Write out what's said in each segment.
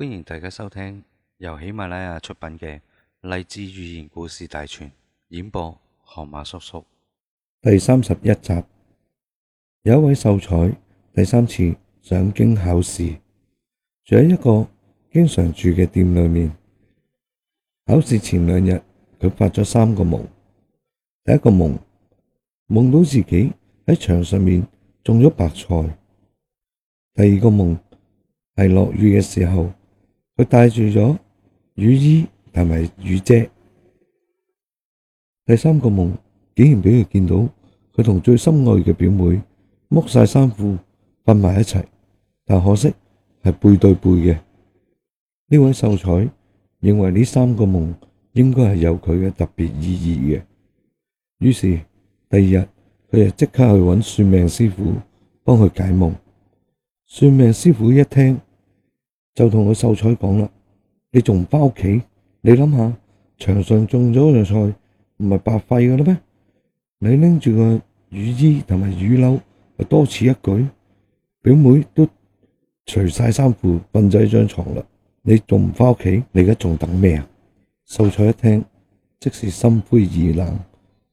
歡迎大家收聽由喜馬拉雅出品嘅《勵志寓言故事大全》，演播河馬叔叔。第三十一集，有一位秀才第三次上京考試，住喺一個經常住嘅店裏面。考試前兩日，佢發咗三個夢。第一個夢，夢到自己喺牆上面種咗白菜；第二個夢，係落雨嘅時候。佢帶住咗雨衣同埋雨遮。第三個夢竟然畀佢見到，佢同最心愛嘅表妹剝晒衫褲瞓埋一齊，但可惜係背對背嘅。呢位秀才認為呢三個夢應該係有佢嘅特別意義嘅，於是第二日佢就即刻去揾算命師傅幫佢解夢。算命師傅一聽。就同個秀才講啦，你仲唔返屋企？你諗下，牆上種咗樣菜，唔係白費嘅啦咩？你拎住個雨衣同埋雨褸，咪多此一舉。表妹都除晒衫褲瞓咗喺張床啦，你仲唔返屋企？你而家仲等咩啊？秀才一聽，即時心灰意冷，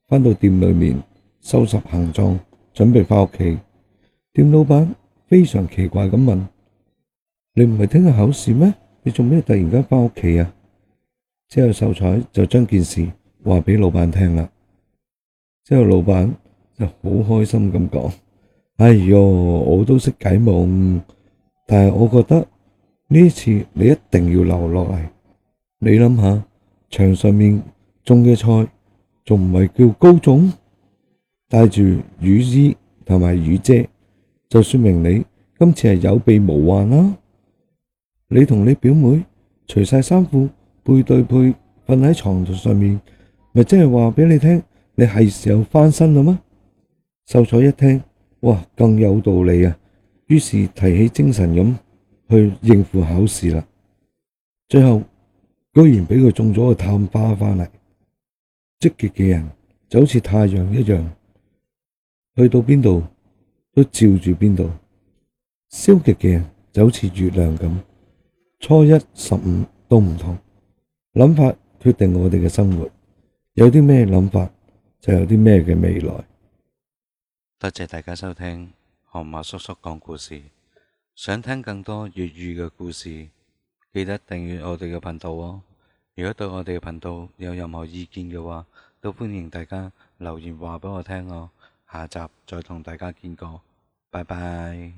返到店裏面收拾行裝，準備返屋企。店老闆非常奇怪咁問。你唔係聽日考試咩？你做咩突然間返屋企啊？之後秀才就將件事話畀老闆聽啦。之後老闆就好開心咁講：哎喲，我都識解夢，但係我覺得呢次你一定要留落嚟。你諗下，牆上面種嘅菜仲唔係叫高種？帶住雨衣同埋雨遮，就說明你今次係有備無患啦、啊。你同你表妹除晒衫褲背對背瞓喺床上面，咪即係話畀你聽，你係時候翻身啦咩？秀才一聽，哇，更有道理啊！於是提起精神咁去應付考試啦。最後居然畀佢中咗個探花翻嚟。積極嘅人就好似太陽一樣，去到邊度都照住邊度。消極嘅人就好似月亮咁。初一十五都唔同，諗法決定我哋嘅生活，有啲咩諗法，就有啲咩嘅未來。多謝大家收聽河馬叔叔講故事，想聽更多粵語嘅故事，記得訂閱我哋嘅頻道哦。如果對我哋嘅頻道有任何意見嘅話，都歡迎大家留言話俾我聽哦。下集再同大家見過，拜拜。